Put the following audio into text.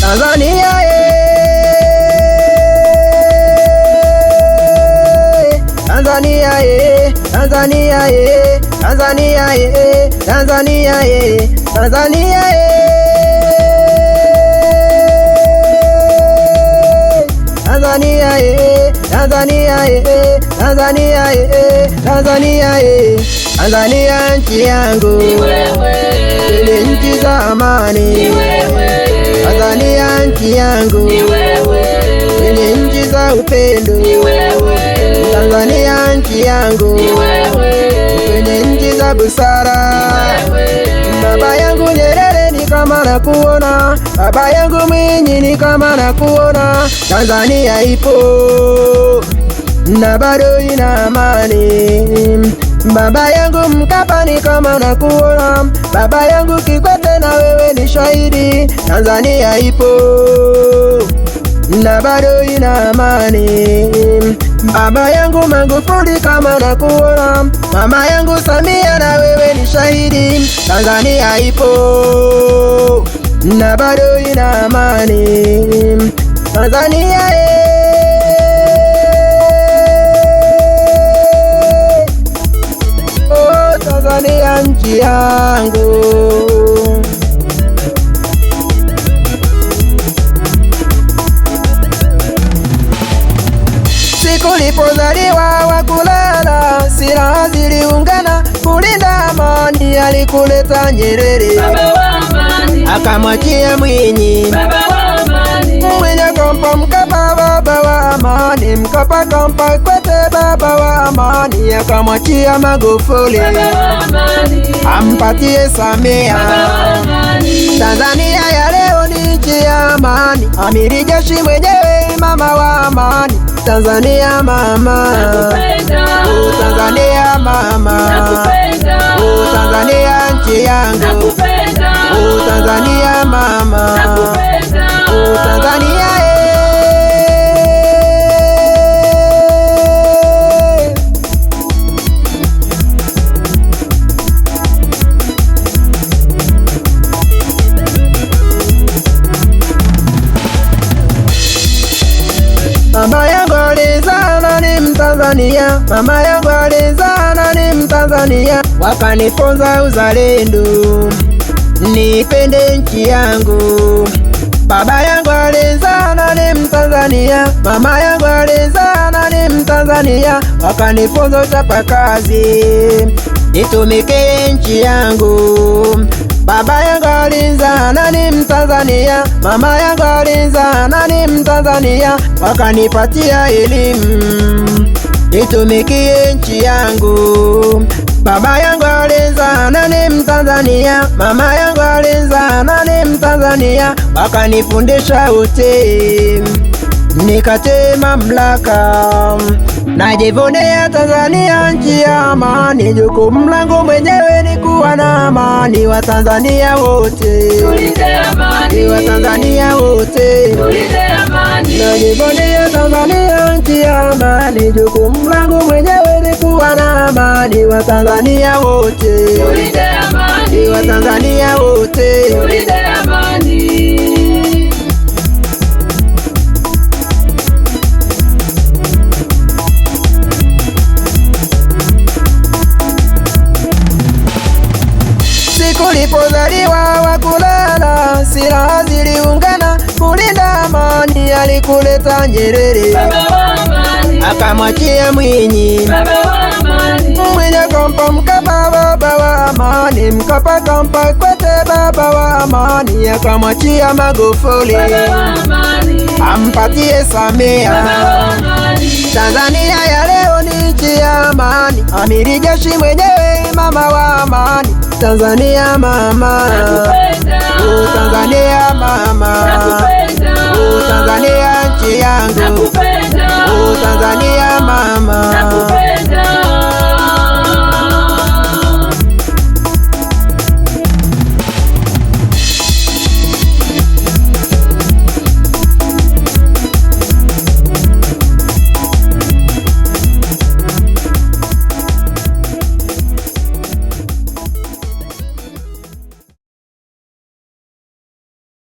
Tanzania ye eh, Tanzania ye eh, Tanzania ye eh, Tanzania ye Tanzania ye Tanzania eh, Tanzania eh, Tanzania eh, Tanzania eh, Tanzania nchi yangu ni nchi za amani. Tanzania nchi yangu ni nchi za upendo. Tanzania nchi yangu ni nchi za busara. Baba yangu Nyerere kama na kuona baba yangu mwenye ni kama na kuona. Tanzania ipo na bado ina amani. Baba yangu Mkapa ni kama na kuona, baba yangu Kikwete na wewe ni shahidi. Tanzania ipo na bado ina amani. Baba yangu Magufuli, kama nakuona, mama yangu Samia, na wewe ni shahidi. Tanzania ipo na bado ina amani. Tanzania e, oh, Tanzania nchi yangu. Nilipozaliwa wakulala, silaha ziliungana kulinda amani. Alikuleta Nyerere, akamwachia Mwinyi, baba kampa Mkapa, baba wa amani, Mkapa akampa kwete baba wa amani, akamwachia Magufuli, baba wa ampatie Samia, Tanzania ya leo ni nchi ya amani, amiri jeshi mwenyewe, mama wa amani Tanzania mama, Tanzania mama, oh Tanzania nchi yangu, Tanzania mama alizaa na ni Mtanzania, mama yangu alizaa na ni Mtanzania, wakanifunza uzalendo, nipende nchi yangu. Baba yangu alizaa na ni Mtanzania, mama yangu alizaa na ni Mtanzania, wakanifunza uchapakazi, nitumike nchi yangu. Baba yangu alinza nani Mtanzania, mama yangu alinza nani Mtanzania, wakanipatia elimu nitumikie nchi yangu. Baba yangu alinza nani Mtanzania, mama yangu alinza nani Mtanzania, wakanifundisha utii nikate mamlaka Najivunia Tanzania, nchi ya amani. Jukumu langu mwenyewe ni kuwa na amani. Wa Tanzania wote tulinde amani, Watanzania wote tulinde amani. Najivunia Tanzania, nchi ya amani. Jukumu langu mwenyewe ni kuwa na amani. Wa Tanzania wote tulinde amani, Watanzania wote tulinde Nilipozaliwa wakulala, silaha ziliungana kulinda amani. Alikuleta Nyerere, akamwachia Mwinyi, Mwinyi akampa Mkapa, baba wa amani. Mkapa kampa kwete baba wa amani, akamwachia Magufuli, ampatie Samia Tanzania yale Amiri jeshi mwenyewe, mama wa amani, Tanzania mama, oh, Tanzania mama